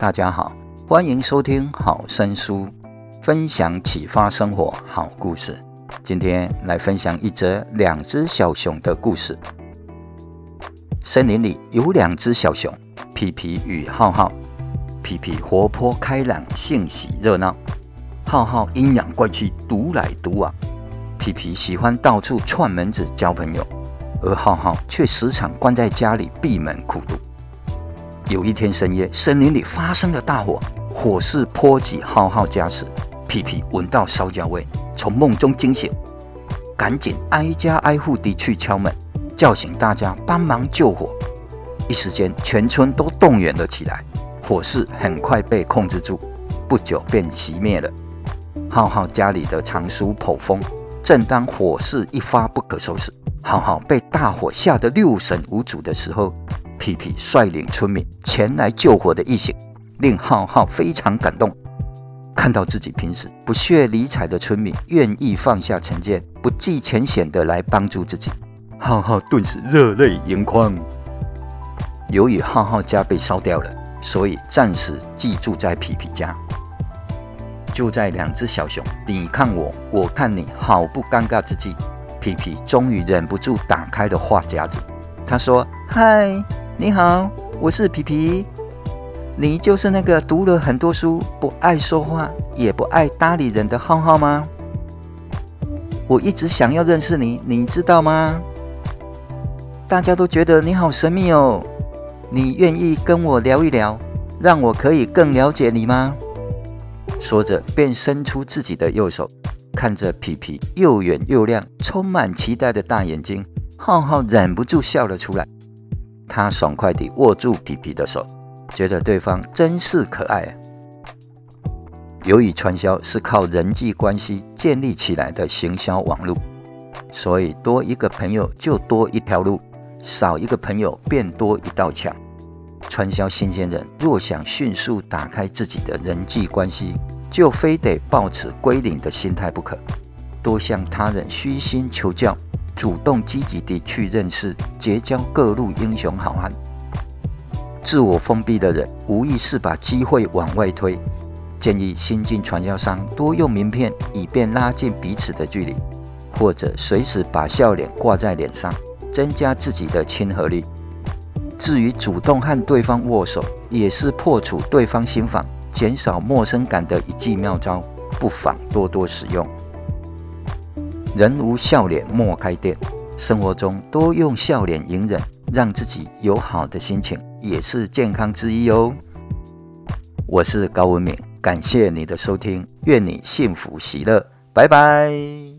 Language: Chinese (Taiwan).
大家好，歡迎收聽好生書，分享啟發生活好故事。今天來分享一則兩隻小熊的故事。森林裡有兩隻小熊，皮皮與浩浩。皮皮活潑開朗，性喜熱鬧；浩浩陰陽怪氣，獨來獨往。皮皮喜歡到處串門子交朋友，而浩浩卻時常關在家裡閉門苦讀。有一天深夜，森林裡發生了大火，火勢波及浩浩家時，皮皮聞到燒焦味，從夢中驚醒，趕緊挨家挨戶地去敲門，叫醒大家幫忙救火。一時間，全村都動員了起來，火勢很快被控制住，不久便熄滅了。浩浩家裡的藏書頗豐，正當火勢一發不可收拾，浩浩被大火嚇得六神無主的時候。皮皮率領村民前來救火的義行，令浩浩非常感動。看到自己平時不屑理睬的村民，願意放下成見，不計前嫌的來幫助自己，浩浩頓時熱淚盈眶。由於浩浩家被燒掉了，所以暫時寄住在皮皮家。就在兩隻小熊你看我，我看你，好不尷尬之際，皮皮終於忍不住打開了話匣子，他說：“嗨。”你好，我是皮皮。你就是那個讀了很多書、不愛說話、也不愛搭理人的浩浩嗎？我一直想要認識你，你知道嗎？大家都覺得你好神秘哦。你願意跟我聊一聊，讓我可以更了解你嗎？說着，便伸出自己的右手，看着皮皮又圓又亮、充滿期待的大眼睛，浩浩忍不住笑了出來。他爽快地握住皮皮的手，覺得對方真是可愛啊。由於傳銷是靠人際關係建立起來的行銷網絡，所以多一個朋友就多一條路，少一個朋友便多一道牆。傳銷新鮮人若想迅速打開自己的人際關係，就非得抱持歸零的心態不可，多向他人虛心求教。主動積極地去認識、結交各路英雄好漢。自我封閉的人，無疑是把機會往外推。建議新進傳銷商多用名片，以便拉近彼此的距離；或者隨時把笑臉掛在臉上，增加自己的親和力。至於主動和對方握手，也是破除對方心防、減少陌生感的一記妙招，不妨多多使用。人無笑臉莫開店，生活中多用笑臉迎人，讓自己有好的心情，也是健康之一哦。我是高文敏，感謝你的收聽，願你幸福喜樂，拜拜。